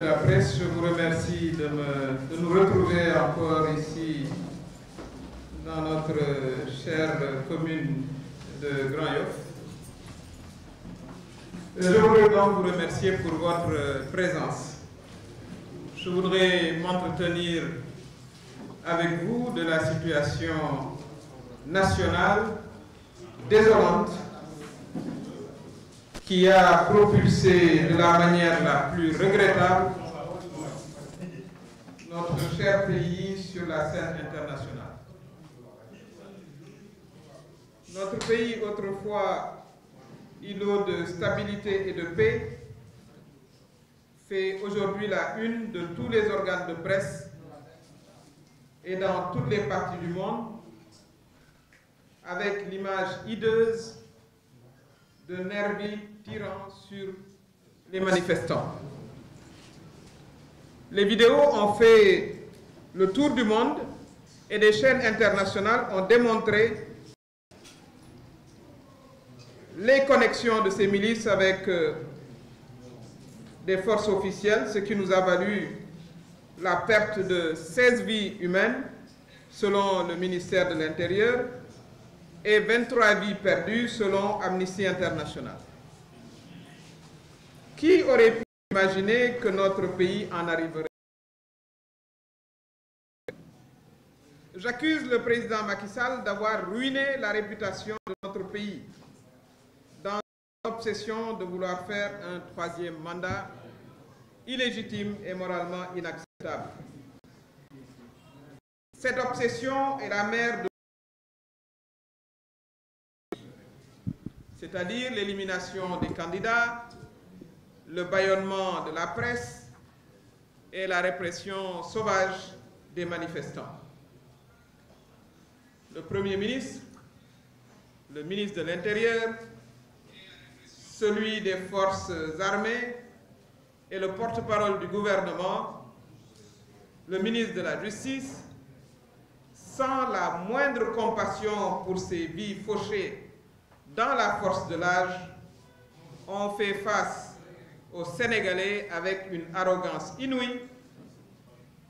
la je vous remercie de, nous retrouver encore ici dans notre chère commune de Grand euh, Je voudrais donc vous remercier pour votre présence. Je voudrais m'entretenir avec vous de la situation nationale désolante qui propulsé de la manière la plus regrettable notre cher pays sur la scène internationale. Notre pays, autrefois îlot de stabilité et de paix, fait aujourd'hui la une de tous les organes de presse et dans toutes les parties du monde, avec l'image hideuse de Nervi tirant sur les manifestants. Les vidéos ont fait le tour du monde et des chaînes internationales ont démontré les connexions de ces milices avec euh, des forces officielles, ce qui nous a valu la perte de 16 vies humaines, selon le ministère de l'Intérieur, et 23 vies perdues, selon Amnesty International. Qui aurait pu imaginer que notre pays en arriverait? J'accuse le président Macky Sall d'avoir ruiné la réputation de notre pays dans l'obsession de vouloir faire un troisième mandat illégitime et moralement inacceptable. Cette obsession est la mère de c'est-à-dire le bâillonnement de la presse et la répression sauvage des manifestants. Le Premier ministre, le ministre de l'Intérieur, celui des forces armées et le porte-parole du gouvernement, le ministre de la Justice, sans la moindre compassion pour ces vies fauchées dans la force de l'âge, ont fait face au Sénégalais avec une arrogance inouïe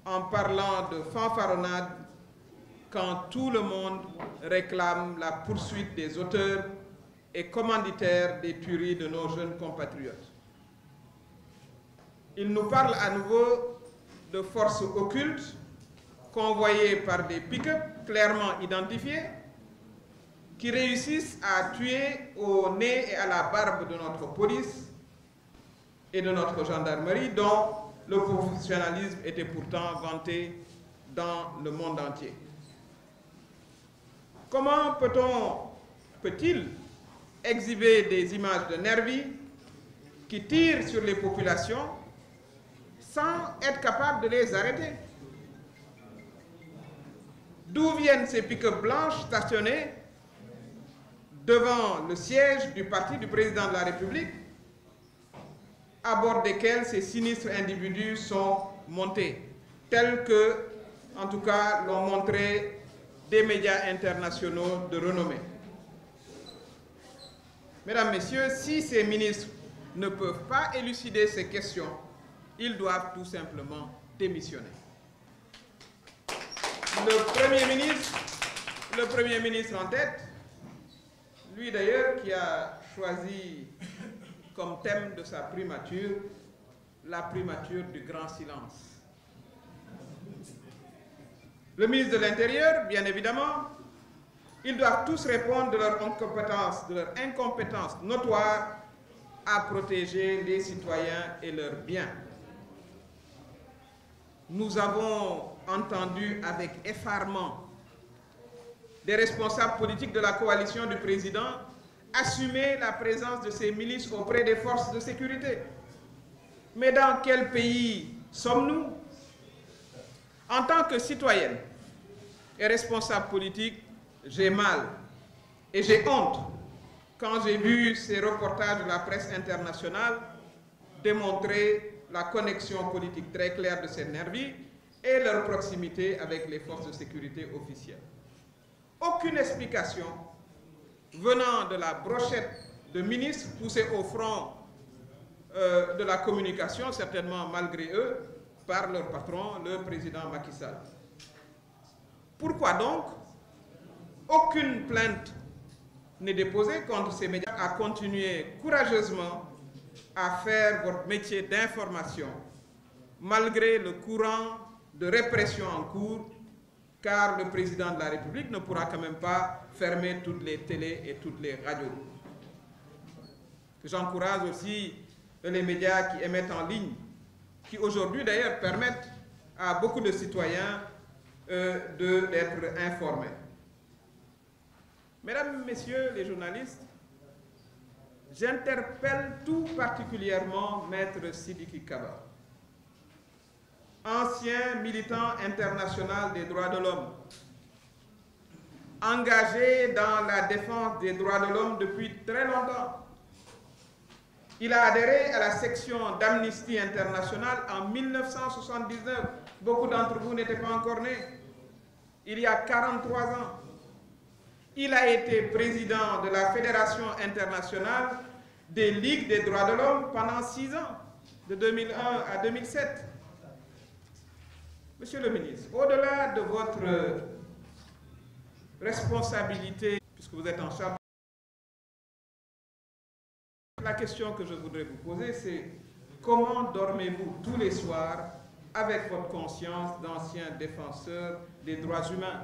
en parlant de fanfaronnade quand tout le monde réclame la poursuite des auteurs et commanditaires des tueries de nos jeunes compatriotes. Il nous parle à nouveau de forces occultes convoyées par des pick-up clairement identifiés qui réussissent à tuer au nez et à la barbe de notre police et de notre gendarmerie dont le professionnalisme était pourtant vanté dans le monde entier. Comment peut-on, peut-il exhiber des images de nervis qui tirent sur les populations sans être capable de les arrêter? D'où viennent ces pick-up blanches stationnées devant le siège du parti du président de la République à bord desquels ces sinistres individus sont montés, tels que, tout cas, l'ont montré des médias internationaux de renommée. Mesdames, Messieurs, si ces ministres ne peuvent pas élucider ces questions, ils doivent tout simplement démissionner. Le Premier ministre, le Premier ministre en tête, lui d'ailleurs qui a choisi comme terme de sa primature la primature du grand silence. Le ministre de l'Intérieur, bien évidemment, ils doivent tous répondre de leur incompétence, de leur incompétence notoire à protéger les citoyens et leurs biens. Nous avons entendu avec effarement des responsables politiques de la coalition du président assumer la présence de ces milices auprès des forces de sécurité. Mais dans quel pays sommes-nous? En tant que citoyenne et responsable politique, j'ai mal et j'ai honte quand j'ai vu ces reportages de la presse internationale démontrer la connexion politique très claire de ces nervis et leur proximité avec les forces de sécurité officielles. Aucune explication venant de la brochette de ministres poussés au front euh, de la communication, certainement malgré eux, par leur patron, le président Macky Sall. Pourquoi donc aucune plainte n'est déposée contre ces médias à continuer courageusement à faire votre métier d'information malgré le courant de répression en cours car le président de la République ne pourra quand même pas fermer toutes les télés et toutes les radios. J'encourage aussi les médias qui émettent en ligne, qui aujourd'hui d'ailleurs permettent à beaucoup de citoyens euh, d'être informés. Mesdames, Messieurs les journalistes, j'interpelle tout particulièrement Maître Sidiki Kaba. ancien militant international des droits de l'homme, dans la défense des droits de l'homme la section d'Amnesty International en 1979. Beaucoup d'entre vous n'étaient pas encore nés. Il y a 43 président de la Fédération internationale des Ligues des droits de l'homme pendant 6 ans, de 2001 à 2007. Monsieur le ministre, au-delà de votre responsabilité, puisque en charge, la question que je voudrais vous poser, c'est comment dormez-vous tous les soirs avec votre conscience d'ancien défenseur des droits humains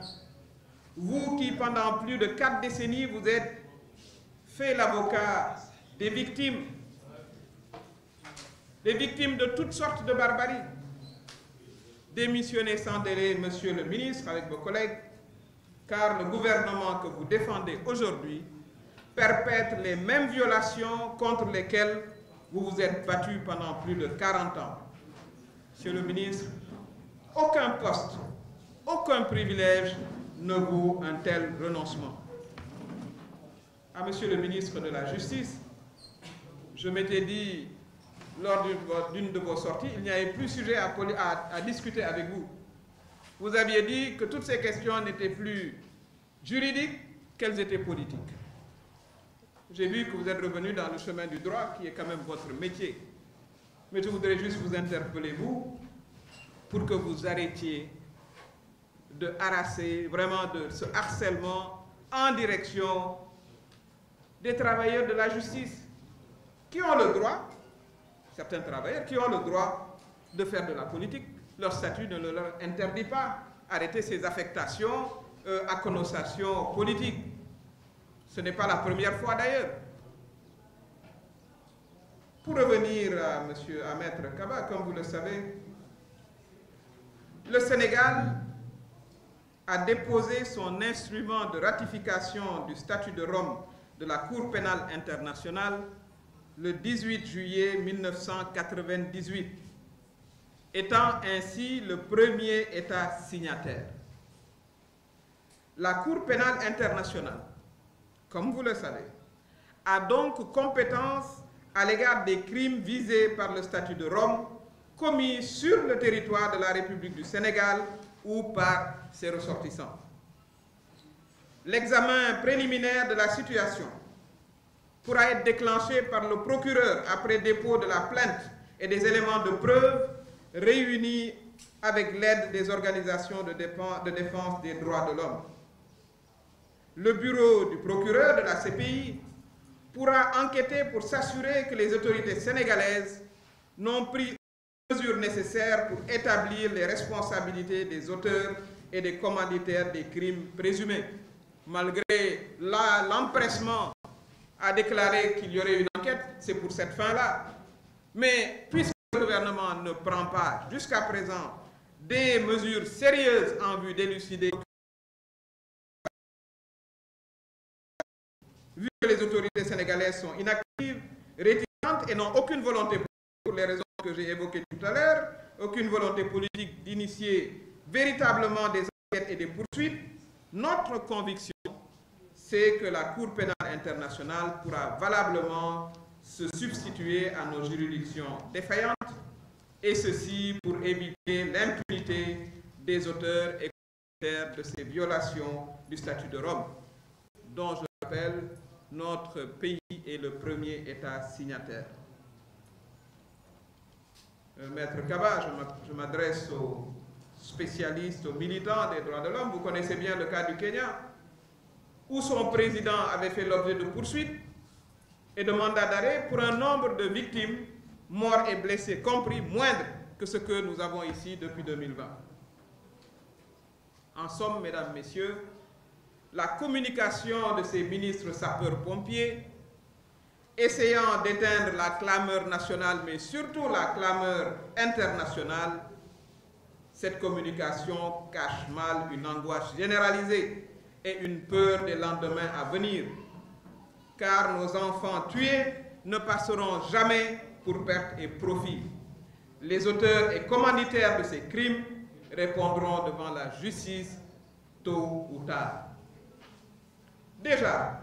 Vous qui, pendant plus de quatre décennies, vous êtes fait l'avocat des victimes, des victimes de toutes sortes de barbaries, démissionner sans délai, monsieur le ministre, avec vos collègues, car le gouvernement que vous défendez aujourd'hui perpètre les mêmes violations contre lesquelles vous vous êtes battu pendant plus de 40 ans. Monsieur le ministre, aucun poste, aucun privilège ne vaut un tel renoncement. À monsieur le ministre de la Justice, je m'étais dit lors d'une de vos sorties, il n'y avait plus sujet à, à, à, discuter avec vous. Vous aviez dit que toutes ces questions n'étaient plus juridiques, qu'elles étaient politiques. J'ai vu que vous êtes revenu dans le chemin du droit, qui est quand même votre métier. Mais je voudrais juste vous interpeller, vous, pour que vous arrêtiez de harasser vraiment de ce harcèlement en direction des travailleurs de la justice qui ont le droit certains travailleurs qui ont le droit de faire de la politique. Leur statut ne leur interdit pas arrêter ces affectations euh, à politique. Ce n'est pas la première fois d'ailleurs. Pour revenir à, monsieur, à Maître Kaba, comme vous le savez, le Sénégal a déposé son instrument de ratification du statut de Rome de la Cour pénale internationale le 18 juillet 1998, étant ainsi le premier État signataire. La Cour pénale internationale, comme vous le savez, a donc compétence à l'égard des crimes visés par le statut de Rome commis sur le territoire de la République du Sénégal ou par ses ressortissants. L'examen préliminaire de la situation pourra être déclenché par le procureur après dépôt de la plainte et des éléments de preuve réunis avec l'aide des organisations de défense des droits de l'homme. Le bureau du procureur de la CPI pourra enquêter pour s'assurer que les autorités sénégalaises n'ont pris les mesures nécessaires pour établir les responsabilités des auteurs et des commanditaires des crimes présumés. Malgré l'empressement a déclaré qu'il y aurait une enquête, c'est pour cette fin-là. Mais puisque le gouvernement ne prend pas jusqu'à présent des mesures sérieuses en vue d'élucider, vu que les autorités sénégalaises sont inactives, réticentes et n'ont les raisons que j'ai aucune volonté politique d'initier véritablement des enquêtes et des poursuites, notre conviction c'est que la Cour pénale internationale pourra valablement se substituer à nos juridictions défaillantes, et ceci pour éviter l'impunité des auteurs et de ces violations du statut de Rome, dont je rappelle, notre pays est le premier État signataire. Euh, Maître Kaba, je m'adresse aux spécialistes, aux militants des droits de l'homme. Vous connaissez bien le cas du Kenya où son président avait fait l'objet de poursuites et de mandats d'arrêt pour un nombre de victimes, morts et blessés compris, moindre que ce que nous avons ici depuis 2020. En somme, mesdames, messieurs, la communication de ces ministres sapeurs-pompiers, essayant d'éteindre la clameur nationale, mais surtout la clameur internationale, cette communication cache mal une angoisse généralisée et une peur des lendemains à venir, car nos enfants tués ne passeront jamais pour perte et profit. Les auteurs et commanditaires de ces crimes répondront devant la justice tôt ou tard. Déjà,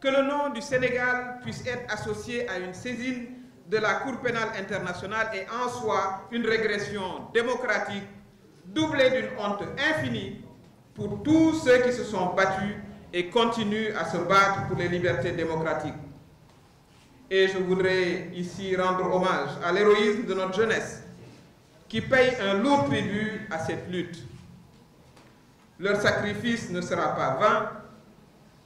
que le nom du Sénégal puisse être associé à une saisine de la Cour pénale internationale est en soi une régression démocratique doublée d'une honte infinie pour tous ceux qui se sont battus et continuent à se battre pour les libertés démocratiques. Et je voudrais ici rendre hommage à l'héroïsme de notre jeunesse qui paye un lourd tribut à cette lutte. Leur sacrifice ne sera pas vain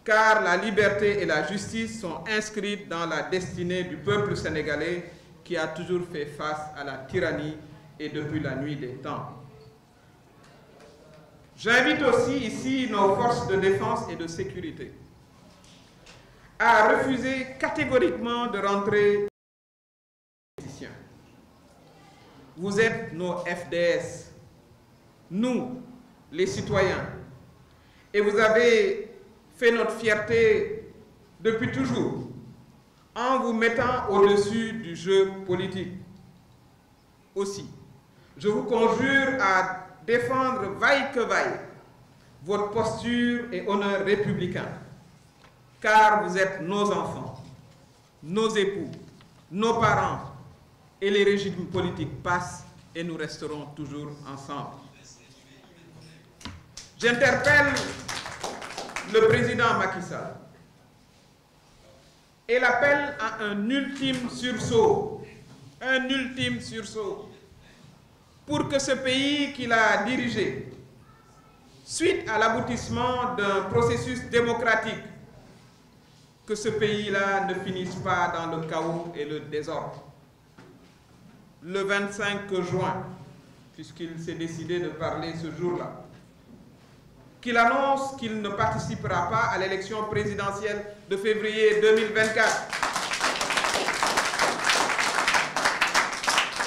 car la liberté et la justice sont inscrites dans la destinée du peuple sénégalais qui a toujours fait face à la tyrannie et depuis la nuit des temps. J'invite aussi ici nos forces de défense et de sécurité à refuser catégoriquement de rentrer politiciens. Vous êtes nos FDS, nous, les citoyens, et vous avez fait notre fierté depuis toujours en vous mettant au-dessus du jeu politique. Aussi, je vous conjure à défendre vaille que vaille votre posture et honneur républicain, car vous êtes nos enfants, nos époux, nos parents, et les régimes politiques passent et nous resterons toujours ensemble. J'interpelle le président Macky Sall et l'appelle à un ultime sursaut, un ultime sursaut pour que ce pays qu'il a dirigé, suite à l'aboutissement processus démocratique, que ce pays-là ne finisse pas dans le chaos et le désordre. Le 25 juin, puisqu'il s'est décidé de parler ce jour-là, qu'il annonce qu'il ne participera pas à l'élection présidentielle de février 2024.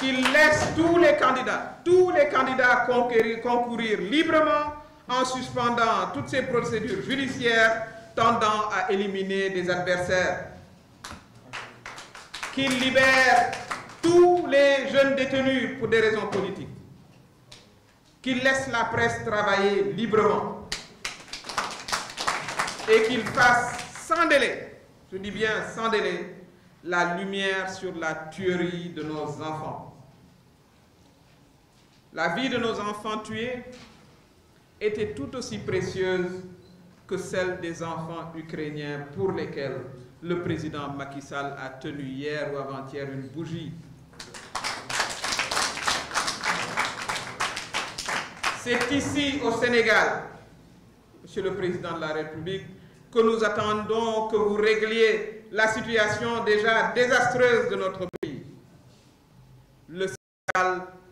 qu'il laisse tous les candidats, tous les candidats concourir, concourir librement en suspendant toutes ces procédures judiciaires tendant à éliminer des adversaires. Qu'il libère tous les jeunes détenus pour des raisons politiques. Qu'il laisse la presse travailler librement. Et qu'il fasse sans délai, je dis bien sans délai, la lumière sur la tuerie de nos enfants. La vie de nos enfants tués était tout aussi précieuse que celle des enfants ukrainiens pour lesquels le président Macky Sall a tenu hier ou avant-hier une bougie. C'est ici au Sénégal, Monsieur le Président de la République, que nous attendons que vous régliez la situation déjà désastreuse de notre pays. Le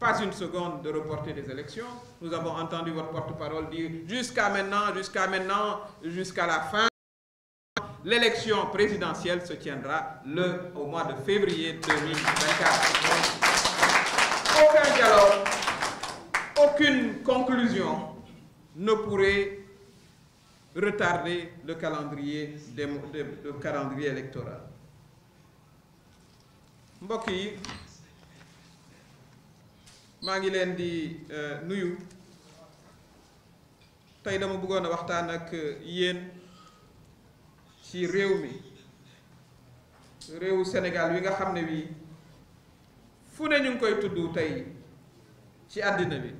pas une seconde de reporter les élections. Nous avons entendu votre porte-parole dire jusqu'à maintenant, jusqu'à maintenant, jusqu'à la fin, l'élection présidentielle se tiendra le, au mois de février 2024. Aucun dialogue, aucune conclusion ne pourrait retarder le calendrier, des, le calendrier électoral. maa ngi leen di euh, nuyu tey dama bëggoon a waxtaan ak euh, yéen ci réew mi réewu Sénégal wi nga xam ne wii fu ne ñu ngi koy tudd tey ci àddina bi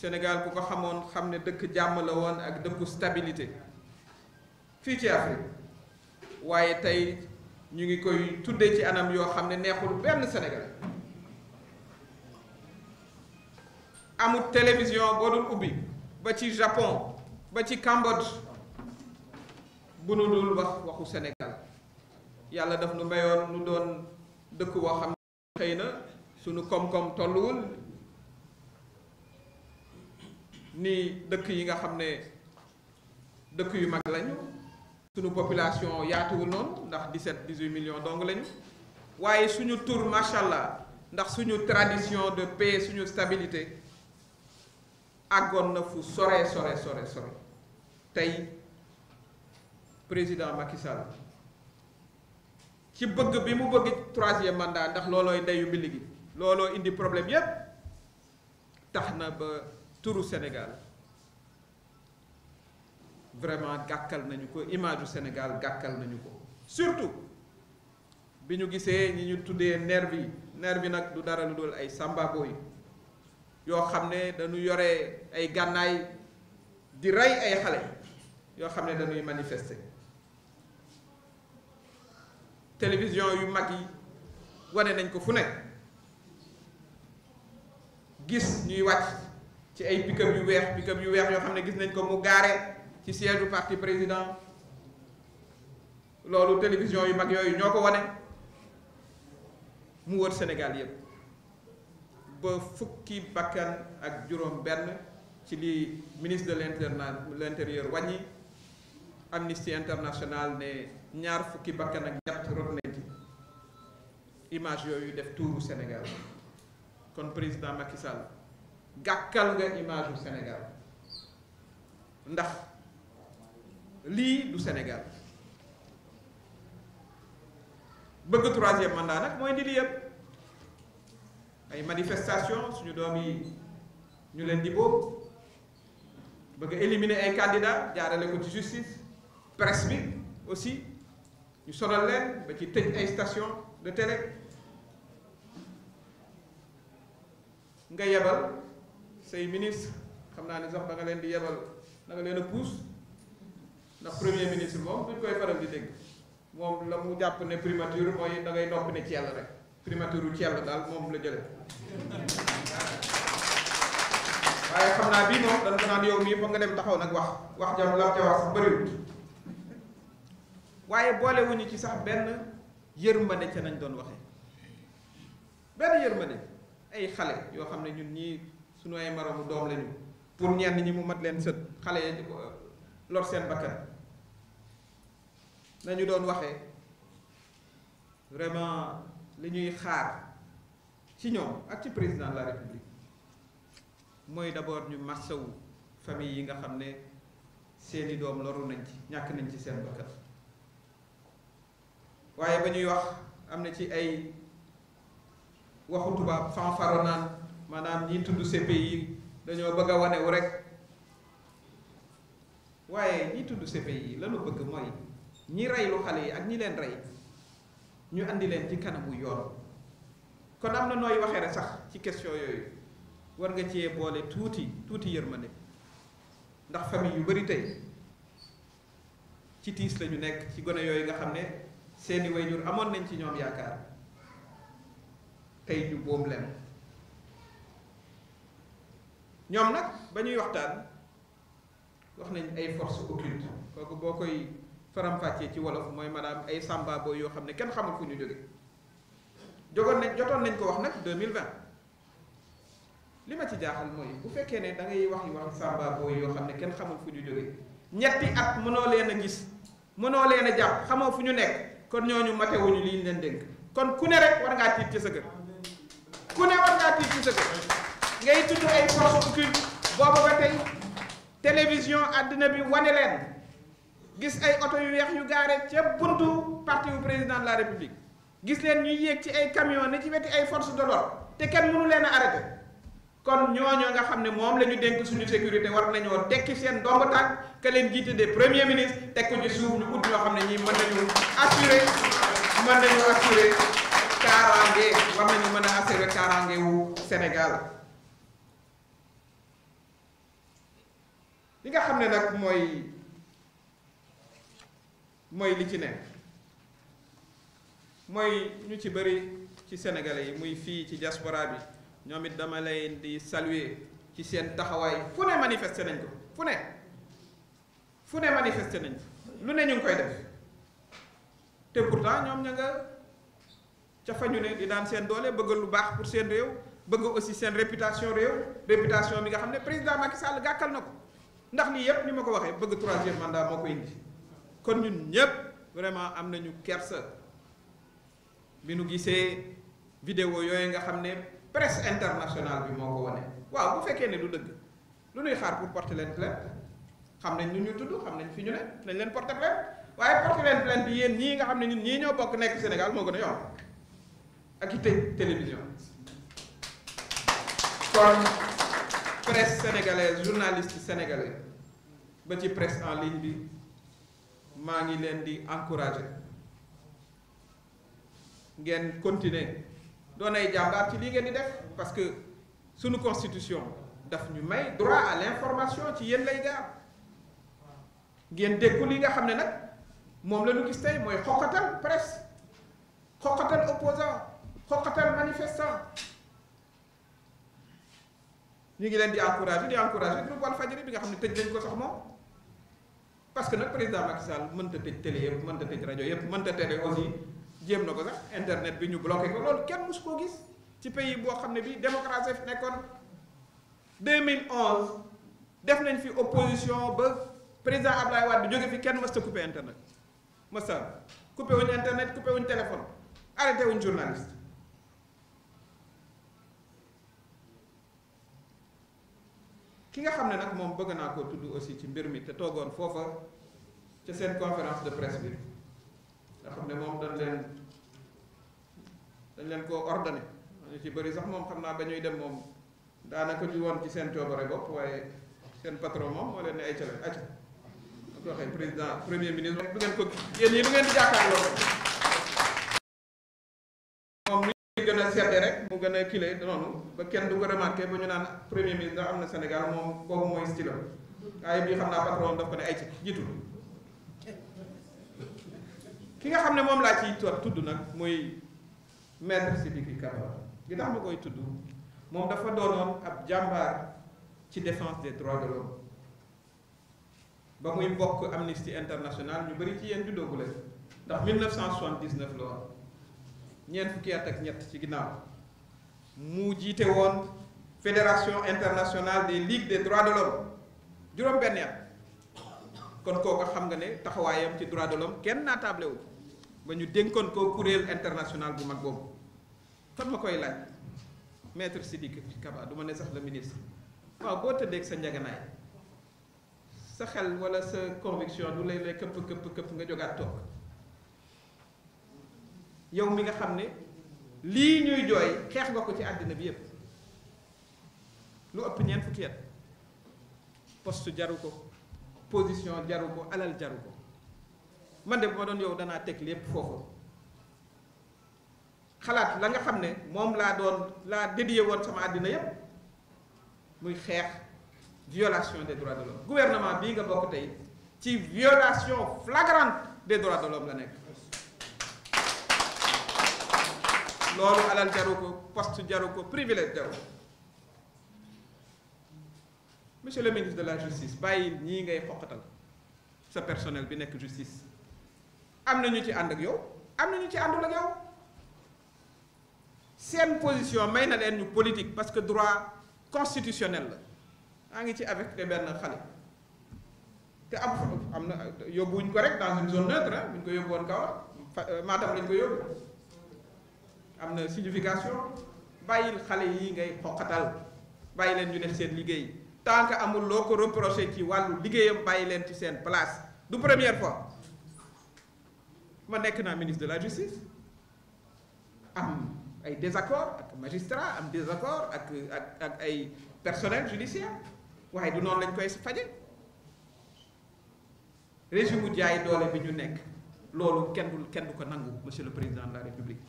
Sénégal ku ko xamoon xam ne dëkk jàmm la woon ak dëkku stabilité fii ci Afrique waaye tey ñu ngi koy tuddee ci anam yoo xam ne neexul benn Sénégal amul télévision boo dul ubbi ba ci Japon ba ci Cambodge bu nu dul wax waxu Sénégal yàlla daf nu mayoon nu doon dëkk boo ne xëy na sunu koom-koom tolluwul ni dëkk yi nga xam ne dëkk yu mag lañu sunu population yaatuwul noonu ndax 17 18 million dong lañu waaye suñu tur macha allah ndax suñu tradition de paix suñu stabilité. àggoon na fu sore sore sore sore tey président Macky Sall ci bëgg bi mu bëgg troisième mandat ndax loolooy ndeyu mbili gi looloo indi problème yépp tax na ba turu Sénégal vraiment gàkkal nañu ko image du Sénégal gàkkal nañu ko surtout bi ñu gisee ñi ñu tuddee nervi yi nervi nag du dara lu dul ay sambabo yi yoo xam ne dañu yore ay gànnaay di rey ay xale yoo xam ne dañuy manifester télévision yu mag yi wane nañ ko fu nekk gis ñuy wàcc ci ay pick yu weex pick yu weex yoo xam ne gis nañ ko mu gaare ci siège du parti président loolu télévision yu mag yooyu ñoo ko wane mu wër Sénégal yépp ba fukki bakkan ak juróom benn ci li ministre de l' l'intérieur wàññi Amnesty International ne ñaar fukki bakkan ak ñett rot image yooyu def tuuru Sénégal kon président Macky Sall gàkkal nga image yu Sénégal ndax lii du Sénégal bëgg troisième mandat nag mooy di li ay manifestation suñu doom yi ñu leen di boobu bëgg a éliminer ay candidats jaarale ko ci justice presse bi aussi ñu sonal leen ba ci tëj ay station de télé nga yebal say ministre xam naa ne sax da leen di yebal da nga leen a puus ndax premier ministre moom duñ koy faral di dégg moom la mu jàpp ne primature mooy da ngay noppi ne ci yàlla rek primature u Thiel daal moom la jële waaye xam naa bii moom dana naan yow mii fa nga dem taxaw nag wax wax jam lam ca wax sax waaye boolewuñu ci sax benn yërmande ca nañ doon waxee benn yërmande ay xale yoo xam ne ñun ñii suñu ay maramu doom lañu pour ñenn ñi mu mat leen sët xale yi lor seen bakkan nañu doon waxee vraiment li ñuy xaar ci ñoom ak ci président de la république mooy d'abord ñu massawu famille yi nga xam ne seeni doom loru nañ ci ñàkk nañ ci seen bakkan waaye ba ñuy wax am na ci ay waxu tubaab fanfaronnaan maanaam ñi tudd yi dañoo bëgg a wanewu rek waaye ñi tudd yi lañu bëgg mooy ñi lu xale yi ak ñi leen rey ñu andi leen ci kanamu yoon kon am na nooy waxee rek sax ci question yooyu war nga cee boole tuuti tuuti yërmande ndax famille yu bari tey ci tiis la ñu nekk ci gone yooyu nga xam ne seeni waajur amoon nañ ci ñoom yaakaar tey ñu boom leen ñoom nag ba ñuy waxtaan wax nañ ay force occulte kooku boo koy faram-fàccee ci wolof mooy maanaam ay sàmba yoo xam ne kenn xamul fu ñu jóge jogoon nañ jotoon nañ ko wax nag 2020 li ma ci jaaxal mooy bu fekkee ne da ngay wax yi wax sàmba yoo xam ne kenn xamul fu ñu jóge ñetti at mënoo leen a gis mënoo leen jàpp xamoo fu ñu nekk kon ñooñu matewuñu li ñu leen dénk kon ku ne rek war ngaa tiit ci sa ku ne war ngaa tiit ci sa kër ngay tudd ay force occulte boobu ba tey télévision àddina bi wane leen gis ay oto yu weex yu gaare ca buntu parti bu président la république gis leen ñuy yéeg ci ay camion ne ci weti ay force de l'ordre te kenn mënu leen arrêté kon ñooñoo nga xam ne moom la ñu dénk suñu sécurité war nañoo tekki seen ndomb tànk ka leen jiite des premiers ministres teg ko ci suuf ñu ut ñoo xam ne ñii mën nañu assurer mën nañu assurer kaaraange war nañu mën a assurer kaaraange wu Sénégal li nga xam ne nag mooy mooy li ci nekk mooy ñu ci bëri ci sénégalais yi muy fii ci diaspora bi ñoom it dama leen di saluer ci seen taxawaay fu ne manifesté nañ ko fu ne fu ne manifesté nañ ko lu ne ñu ngi koy def te pourtant ñoom ña nga ca fa ñu ne di daan seen doole bëgg lu baax pour seen réew bëgg aussi seen réputation réew réputation bi nga xam ne président Macky Sall gàkkal na ko ndax lii yépp ni ma ko waxee bëgg troisième mandat moo ko indi kon ñun ñépp vraiment am nañu kersa bi nu gisee vidéo yooyu nga xam ne presse internationale bi moo ko wane waaw bu fekkee ne du dëgg lu ñuy xaar pour porter leen plainte xam nañ ñu ñu tudd xam nañ fi ñu ne nañ leen porter plainte waaye porter leen bi yéen ñii nga xam ne ñun ñii ñoo bokk nekk Sénégal moo gën a yomb ak i tëj télévision kon presse sénégalaise journaliste sénégalais ba ci presse en ligne bi maa ngi leen di encourager ngeen continuer doon ay jàmbaar ci lii ngeen di def parce que sunu constitution daf ñu may droit leen l'information ci yéen lay jaar ngeen dékku lii nga xam ne nag moom la ñu gis tey mooy xoqatal presse xoqatal opposant xoqatal manifestant ñu ngi leen di encourager di encourager groupe Walfadjri bi nga xam ne tëj nañ ko sax moom parce que nag président Macky Sall mënta tëj télé yëpp mënta tëj rajo yëpp mënta tere aussi jéem na ko sax internet bi ñu bloqué ko loolu kenn mus koo gis ci pays boo xam ne bi démocratie fi nekkoon 2011 def nañ fi opposition ba président Abdoulaye Wade jóge fi kenn mësta coupé internet mësta coupé wuñ internet coupé wuñ téléphone arrêté wuñ journaliste ki nga xam ne nag moom bëgg naa ko tudd aussi ci mbir mi te toogoon foofa ca seen conférence de presse bi nga xam ne moom dañ leen dañ leen koo ordonné ñu ci bëri sax moom xam naa ba dem moom daanaka di woon ci seen coobare bopp waaye seen patron moom moo leen ne ay cale aco ko waxee président premier ministre du ngeen ko yéen yi lu ngeen di jàkkaarloo gën a rek mu gën a kile ba kenn du ko remarqué ba ñu naan premier ministre am na Sénégal moom boobu mooy style bii xam naa patron daf ko ne ay ci ki nga xam ne moom laa ciy tudd nag muy maître Sidiki Kaba li tax ma koy tudd moom dafa doonoon ab jàmbaar ci défense des droits de l'homme ba muy bokk Amnesty International ñu bari ci yéen juddoogu leen ndax 1979 la woon ñeent fukki at ak ñett ci ginnaaw mu jiite woon fédération internationale des ligues des droits de l'homme juróom-benn at kon kooku xam nga ne taxawaayam ci droits de l'homme kenn naa taable wu ba ñu dénkoon ko kuréel international bu mag boobu kon ma koy laaj maître Sidiki Kaba du ma ne sax le ministre waaw boo tëddeeg sa njaganaay sa xel wala sa conviction du lay lay këpp këpp këpp nga jógaat toog yow mi nga xam ne lii ñuy jooy xeex nga ko ci àddina bi yëpp lu ëpp ñeent fukki at poste jaru ko position jaru ko alal jaru ko man de bu ma doon yow danaa teg lépp foofu xalaat la nga xam ne moom laa doon laa dédié woon sama àddina yépp muy xeex violation des droits de l'homme gouvernement bii nga bokk tey ci violation flagrante des droits de l'homme la nekk loolu alal jaru ko poste jaru ko privilège jaru ko monsieur le ministre de la justice bàyyi ñii ngay xoqatal sa personnel bi nekk justice am na ñu ci ànd ak yow am na ñu ci àndul ak yow seen position may na leen ñu politique parce que droit constitutionnel la maa ngi ci avec te benn xale te am am na wuñ ko rek dans une zone neutre ah, buñ ko yóbbu woon kaw euh, lañ ko yóbbu am na signification bàyyil xale yi ngay xoqatal bàyyi leen ñu def seen liggéey tant que amul loo ko reproché ci wàllu liggéeyam bàyyi leen ci seen place du première fois ma nekk naa ministre de la justice am ay désaccord ak magistrat am désaccord ak ak ay personnel judiciaire waaye du noonu lañ koy faje régime jaay doole bi ñu nekk loolu kenn du kenn du ko nangu monsieur le président de la république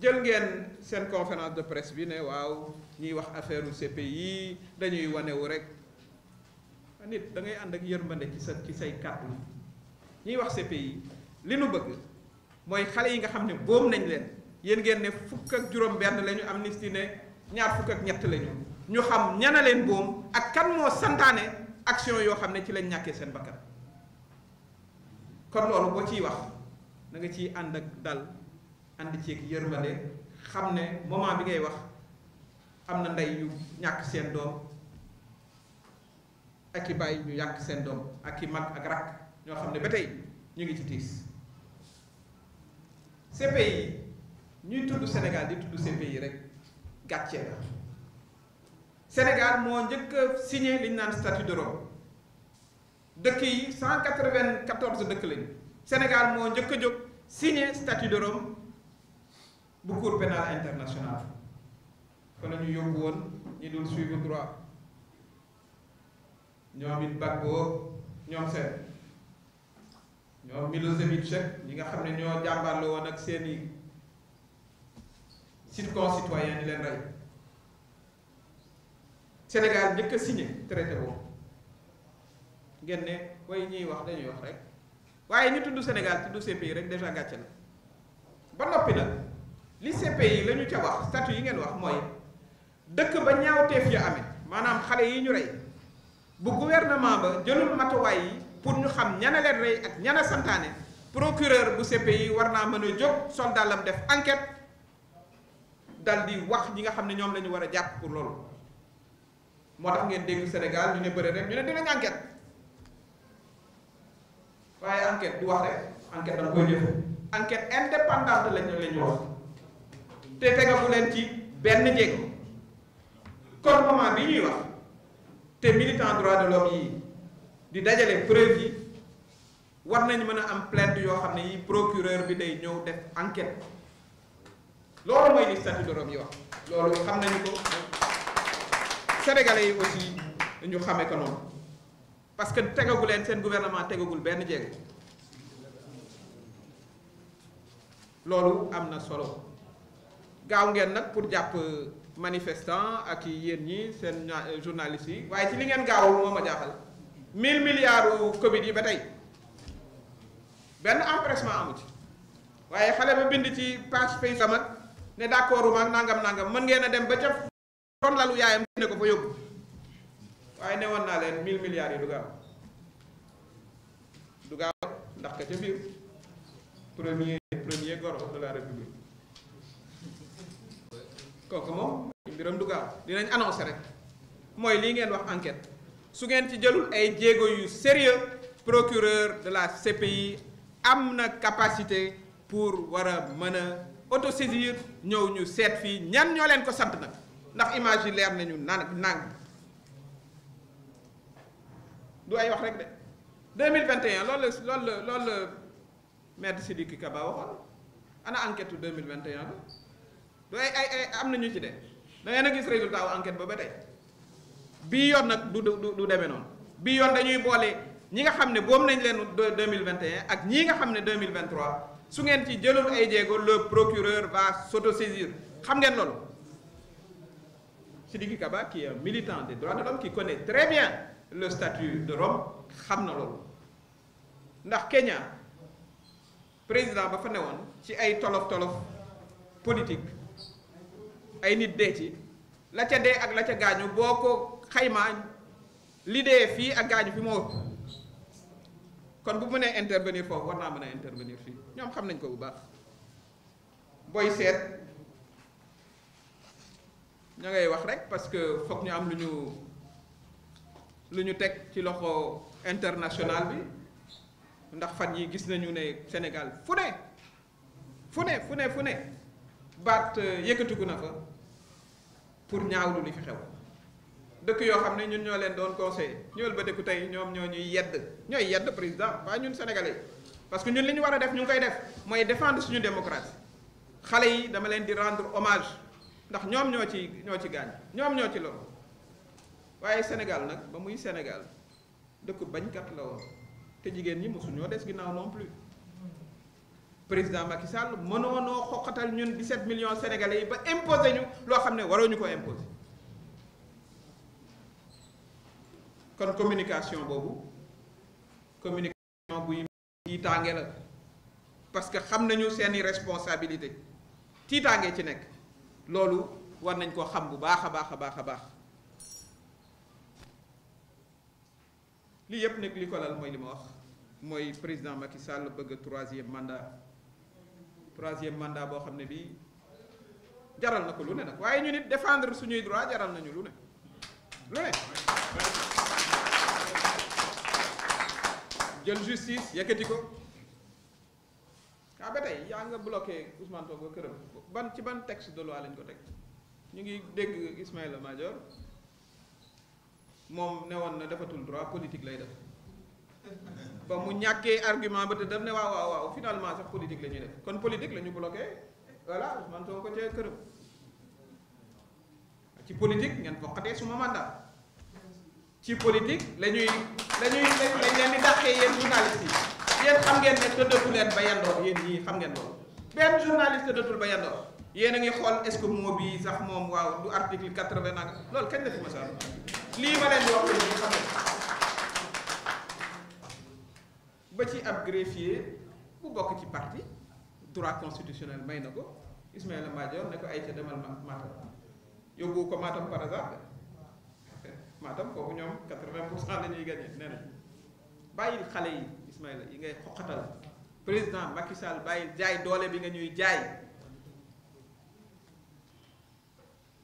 jël ngeen seen conférence de presse bi ne waaw ñuy wax affaire u yii dañuy wanewu rek nit dangay ànd ak yërmande ci sa ci say kàddu ñuy wax CPI li nu bëgg mooy xale yi nga xam ne boom nañ leen yéen ngeen ne fukk ak juróom-benn la ñu ne ñaar fukk ak ñett la ñu xam ñana leen boom ak kan moo santaane action yoo xam ne ci lañ ñàkkee seen bakkan kon loolu boo ciy wax da ciy ànd ak dal. ànd ceeg yërmande xam ne moment bi ngay wax am na ndey ñu ñàkk seen doom ak i bàyyi ñu ñàkk seen doom ak i mag ak rakk ñoo xam ne ba tey ñu ngi ci tiis CPI ñuy tudd Sénégal di tudd CPI rek gàcce la Sénégal moo njëkk a signé li naan statut de Rome dëkk yi cent quatre-vingt-quatorze dëkk lañu Sénégal moo njëkk a jóg signé statut de Rome bu cour pénal international fa la ñu yóbbu woon ñi dul suivre droit ñoom it Gbagbo ñoom seen ñoom Milosevic ñi nga xam ne ñoo jàmbarloo woon ak seeni sit concitoyen di leen rey Sénégal njëkk a traité boobu ngeen ne ñuy wax dañuy wax rek waaye ñu tudd Sénégal tudd ces pays rek déjà gàcce la ba noppi nag li CPI la lañu ca wax statut yi ngeen wax mooy dëkk ba ñaawteef ya amee maanaam xale yi ñu rey bu gouvernement ba jëlul matuwaay yi pour ñu xam ñana leen rey ak ñana santaane procureur bu yi war naa mën a jóg soldalam def enquête dal di wax ñi nga xam ne ñoom lañu war a jàpp pour loolu moo tax ngeen dégg Sénégal ñu ne bëri rek ñu ne dinañ enquête waaye enquête du wax rek enquête danga koy jëf enquête indépendante lañ lañu wax te tegagu leen ci benn jéego kon bi ñuy wax te militant droit de l'homme yi di dajale preuve yi war nañ mën a am plainte yoo xam ne yi procureur bi day ñëw def enquête loolu mooy li statut de xam nañu ko sénégalais yi aussi ñu xame ko noonu parce que tegagu leen seen gouvernement tegagul benn jéego loolu am na solo gaaw ngeen nag pour jàpp manifestant ak yéen ñi seen euh, journaliste yi waaye ci li ngeen gaawul moo a jaaxal mille milliards Covid yi ba tey benn empressement amu ci waaye xale ba bind ci page Facebook ak ne d'accord ma ak nangam nangam mën ngeen a dem ba ca ron lalu yaayam ne ko fa yóbbu waaye ne naa leen mille milliards yi du gaaw du gaaw ndax ka ca biir premier premier goro de la république kooku moom mbiram du dinañ annoncé rek mooy lii ngeen wax enquête su ngeen ci jëlul ay jéego yu sérieux procureur de la CPI am na capacité pour wara mën a autosaisir ñëw ñu seet fii ñan ñoo leen ko sant nag ndax image yi leer nañu naan nang du ay wax rek de 2021 loolu la loolu la loolu la maître Sidiki Kaba waxoon ana enquête 2021 bi du ay ay ay am na ñu ci de da ngeen a gis résultat wu enquête ba ba tey bii yoon nag du du du demee noonu bii yoon dañuy boole ñi nga xam ne boobu nañ leen deux mille vingt et un ak ñii nga xam ne deux mille vingt su ngeen ci jëlul ay jéego le procureur va s'autosaisir xam ngeen loolu Sidiki Kaba qui est un militant des droits de l'homme qui connaît très bien le statut de Rome xam na loolu ndax Kenya président ba fa newoon ci ay tolof tolof politique. ay nit dee ci la ca dee ak la ca gaañu boo ko xaymaa li dee fii ak gaañu fi moo ëpp kon bu mënee intervenir foofu war naa mën a intervenir fii ñoom xam nañ ko bu baax booy seet ña ngay wax rek parce que foog ñu am lu ñu lu ñu teg ci loxo international bi ndax fan yi gis nañu ne Sénégal fu ne fu ne fu ne fu ne baat yëkkatiku na fa pour ñaawlu li fi xew dëkk yoo xam ne ñun ñoo leen doon conseillé ñëwal ba dëkku tey ñoom ñoo ñuy yedd ñooy yedd président waaye ñun sénégalais parce que ñun li ñu war a def ñu ngi koy def mooy défendre suñu démocratie xale yi dama leen di rendre hommage ndax ñoom ñoo ci ñoo ci gaañ ñoom ñoo ci loolu waaye Sénégal nag ba muy Sénégal dëkk kat la woon te jigéen ñi mosuñoo des ginnaaw non plus. président Macky Sall mënoo noo xoqatal ñun 17 millions sénégalais yi ba imposé ñu loo xam ne warooñu ñu ko imposé kon communication boobu communication buy tiitaange la parce que xam nañu seeni responsabilité tiitaange ci nekk loolu war nañ koo xam bu baax a baax a baax a baax lii yëpp nag li ko lal mooy li ma wax mooy président Macky Sall bëgg troisième mandat. troisième mandat boo xam ne bii jaral na ko lu ne nag waaye ñu nit défendre suñuy droit jaral nañu lu ne lu ne jël justice yëkkati ko ah ba tey yaa nga bloqué Ousmane Sonko këram ban ci ban texte de loi lañ ko teg ñu ngi dégg Ismaïla Madior moom ne woon ne defatul droit politique lay def ba mu ñàkkee argument ba te daf ne waaw waaw waaw finalement sax politique la ñuy def kon politique la ñu bloqué voilà Ousmane Sonko ca këram ci politique ngeen bokkatee suma mandat ci politique lañuy ñuy la ñuy lañ leen di dàqee yéen journalistes yi yéen xam ngeen ne tëddatu leen ba yandoor yéen ñii xam ngeen loolu benn journaliste tëddatul ba yandoor yéen a ngi xool est moo bii sax moom waaw du article quatre-vingt nag loolu kañ la ma loolu lii ma leen di wax xam ne ba ci ab greffier bu bokk ci parti droit constitutionnel may na ko Ismaïla Madior ne ko ay ca demal Matam yóbbu ko Matam par hasard Matam foofu ñoom 80 pour cent la ñuy gagné bàyyil xale yi Ismaïla yi ngay xoqatal président Macky Sall bàyyil jaay doole bi nga ñuy jaay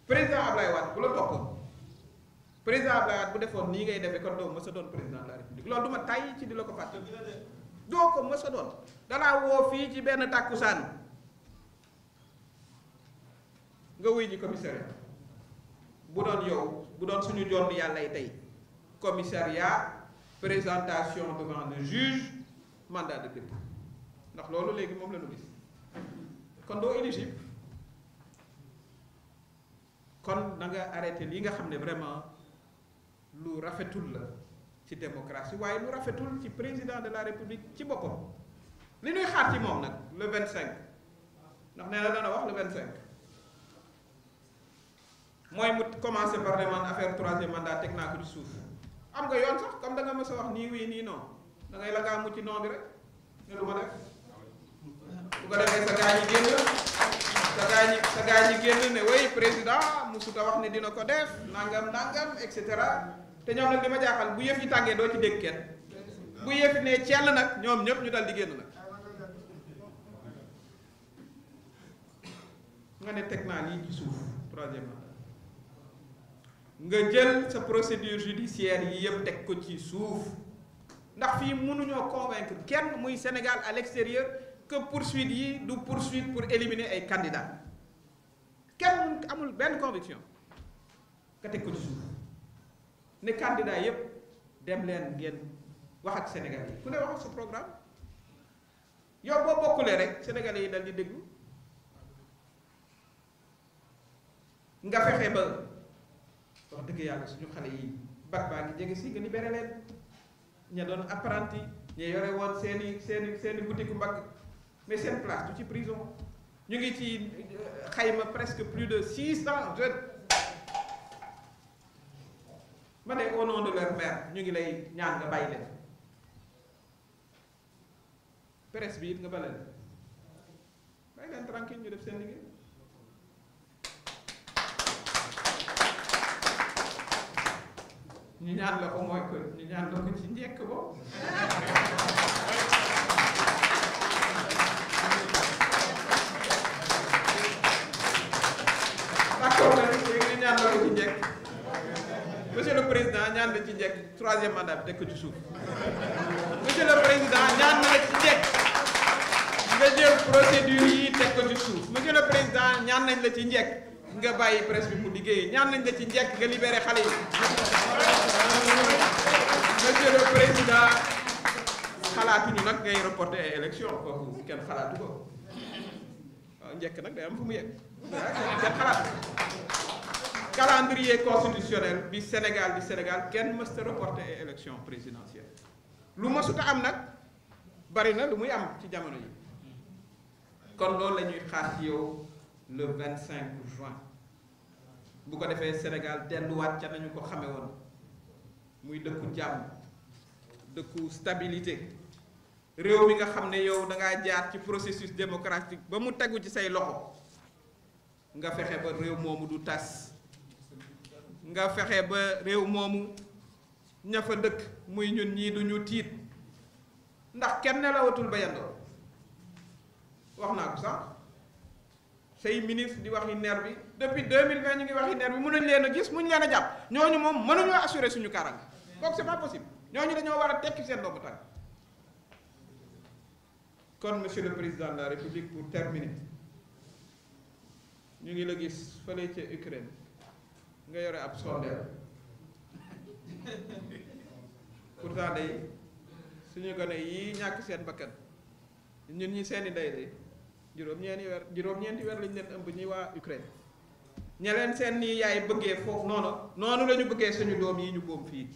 président Ablaye Wade bu la topp. président Abdoulaye bu defoon nii ngay defee kon doo mës a doon président de la république loolu du ma tàyyi ci di la ko fàtte doo ko mës doon dalaa woo fii ci benn tàkkusaan nga wuy ji commissariat bu doon yow bu doon suñu yoon yàlla yi tey commissariat présentation devant le juge mandat de dépôt ndax loolu léegi moom la ñu gis kon doo éligible kon da nga arrêté li nga xam ne vraiment lu rafetul la ci démocratie waaye lu rafetul ci président de la république ci boppam li ñuy xaar ci moom nag le 25 ndax nee na dana wax le 25 mooy mu commencé par demande affaire troisième mandat teg naa ko ci suuf am nga yoon sax comme danga nga mës wax nii wii nii non da ngay la ngaa mucc rek ne lu ma def bu ko defee sa gaa ñi génn sa gaa ñi sa gaa génn ne way président musut wax ne dina ko def nangam nangam et cetera. te ñoom nag li ma jaaxal bu yëf yi tàngee doo ci dégg kenn bu yëf yi cell nag ñoom ñëpp ñu dal di génn nag nga ne teg naa lii ci suuf troisième nga jël sa procédure judiciaire yi yëpp teg ko ci suuf ndax fii mënuñoo convaincre kenn muy Sénégal à l'extérieur que poursuite yi du poursuite pour éliminer ay candidats kenn amul benn conviction nga teg ko ci suuf ne candidat yépp dem leen ngeen wax ak Sénégal yi ku ne wax ak sa programme yow boo bokkulee rek sénégalais yi dal di déglu nga fexe ba wax dëgg yàlla suñu xale yi bac baa ngi jege si nga libéré leen ña doon apprenti ña yore woon seeni seeni seeni boutique mbagg mais seen place du ci prison ñu ngi ci euh, xayma presque plus de six cent jeunes ma ne au nom de ñu ngi lay ñaan nga bàyyi leen presse bi it nga bale leen bàyyi leen tranquille ñu def seen liggéey ñu ñaan la ko mooy ko ñu ñaan la ko ci njëkk boobu président ñaan na ci njëkk troisième mandat bi teg ko ci suuf monsieur le président ñaan na la ci njëkk nga jël procédure yi teg ko ci suuf monsieur le président ñaan nañ la ci njëkk nga bàyyi presse bi mu liggéey ñaan nañ la ci njëkk nga libéré xale yi monsieur le président xalaatuñu nag ngay reporter élection kooku kenn xalaatu ko waaw nag day am fu mu yegg kenn xalaatu calendrier constitutionnel bi Sénégal bi Sénégal kenn mësta reporter ay élection présidentielle lu mësuta am nag bari na lu muy am ci jamono yi kon loolu lañuy xaar ci yow le 25 juin bu ko defee Sénégal delluwaat ca nañu ko xame woon muy dëkku jàmm dëkku stabilité réew mi nga xam ne yow da jaar ci processus démocratique ba mu tegu ci say loxo nga fexe ba réew moomu du tas nga fexe ba réew moomu ña fa dëkk muy ñun ñii duñu tiit ndax kenn nelawatul ba yendoo wax naa ko sax say ministre di waxi neer bi depuis deux mille vingt ñu ngi waxi neer bi ne leen a gis muñ leen a jàpp ñooñu moom mënuñoo assurer suñu kaaraange kooku c'est pas ñoo ñu dañoo war a tekki seen doomu tànk kon monsieur le président de la république pour terminer ñu ngi la gis fële ca Ukraine nga yore ab sondeel pourtant day suñu gone yi ñàkk seen bakkan ñun ñi seeni day day juróom-ñeenti weer juróom-ñeenti lañ leen ëmb ñi waa Ukraine ña leen seen nii yaay bëggee foofu noonu noonu la bëggee suñu doom yi ñu boom fii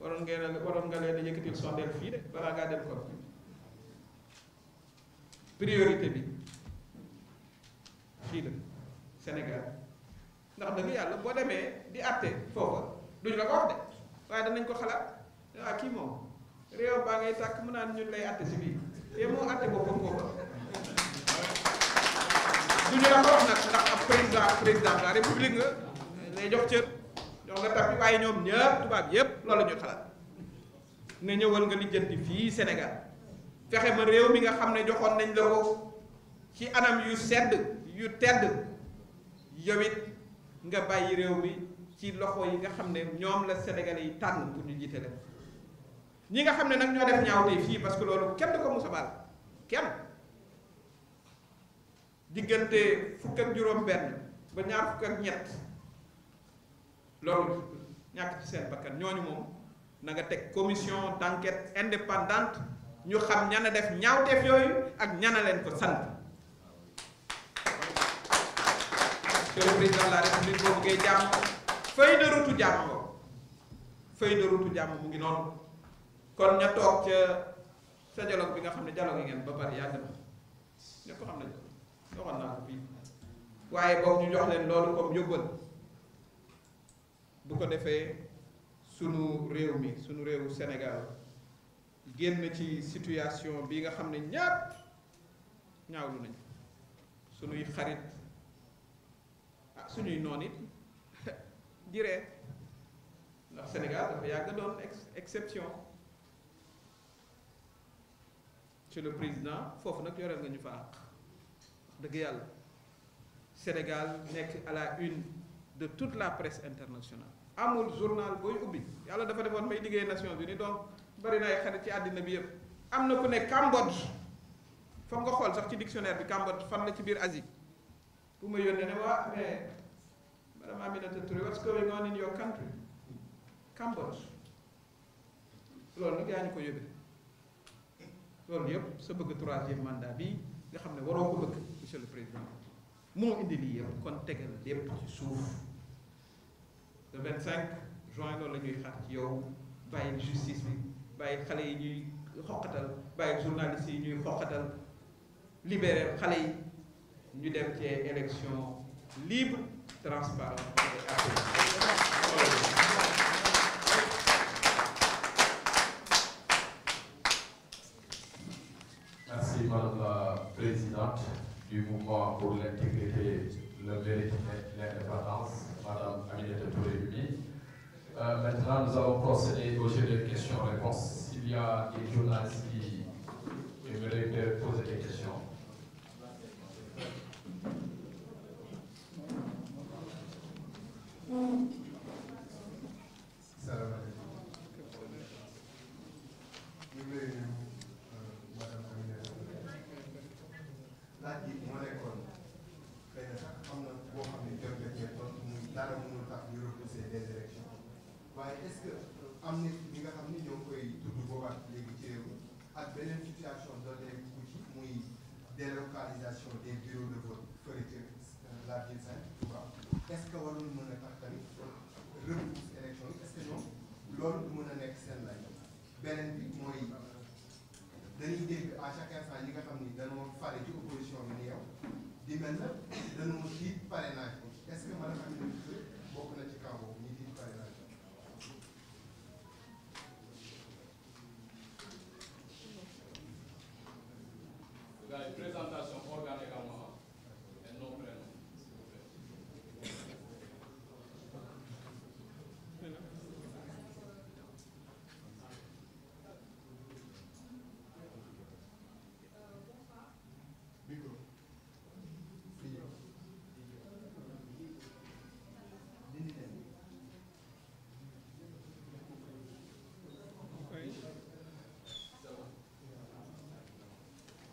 waroon ngeen waroon nga leen yëkkatil sondeel fii de balaa ngaa dem ko priorité bi fii la Sénégal ndax dëgg yàlla boo demee di àtte foofa duñ la ko wax ko xalaat ah, kii moom réew mu naan ñun lay àtte si bii te moo àtte boppam foofa duñu la ko wax nag ndax ab président président de la république nga lay jox cër jox nga tappi waaye ñoom ñëpp tubaab yépp loolu ñuy xalaat ne ñëwal nga lijjanti fii Sénégal fexe ma réew mi nga xam ne joxoon nañ la ko ci anam yu sedd yu tedd yow nga bàyyi réew mi ci loxo yi nga xam ne ñoom la sénégalais yi tànn pour ñu jiite leen ñi nga xam ne nag ñoo def ñaaw tey fii parce que loolu kenn du ko musa baal kenn diggante fukk ak juróom benn ba ñaar fukk ñett loolu ñàkk ci seen bakkan ñooñu moom na nga teg commission d'enquête indépendante ñu xam ña ñana def ñaawteef yooyu ak ñana leen ko sant que le président de la république boo bëggee jàmm feuille mu ngi noonu kon ña bi nga xam ne dialogue ngeen ba pare yàgg na ñëpp waaye boobu ñu jox leen loolu comme yóbbal bu ko defee sunu réew mi sunu réewu Sénégal génn ci situation bi nga xam ne ñépp ñaawlu nañ sunuy xarit suñuy noon it di ndax Sénégal dafa yàgg doon exception monsieur le président foofu nag yoreel nga ñu fa àq wax dëgg yàlla Sénégal nekk à la une de tout la presse internationale amul journal booy ubbi yàlla dafa defoon may liggéey Nations Unies donc bari na ay xarit ci àddina bi yëpp am na ku ne Cambodge foog nga xool sax ci dictionnaire bi Cambodge fan la ci biir asi bu ma yónnee ne waa mais Aminata Touré what's going on in your country Cambodge loolu nag yaa ñu ko yóbbee loolu yëpp sa bëgg troisième mandat bi nga xam ne waroo ko bëgg monsieur le président moo indi lii yëpp kon tegal lépp ci suuf le 25 juin loolu ñuy xaar ci yow bàyyi justice bi bàyyi xale yi ñuy xoqatal bàyyi journaliste yi ñuy xoqatal libéré xale yi ñu dem ci élection libre transparent et accessible. Merci Madame la Présidente du Mouvement pour l'intégrité, le mérite et l'indépendance, Madame Aminata Touré euh, maintenant, nous allons procéder au jeu de questions-réponses. S'il y a des journalistes qui aimeraient poser des questions, est-ce que am na ci ñi nga xam ni ñoo koy tudd boobaat léegi ci réew mi ak beneen situation donnée bu ci muy délocalisation des bureaux de vote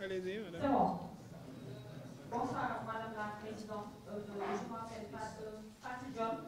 Allez-y, madame. C'est bon. Bonsoir, madame la présidente. Euh, je m'appelle Fatou Diop.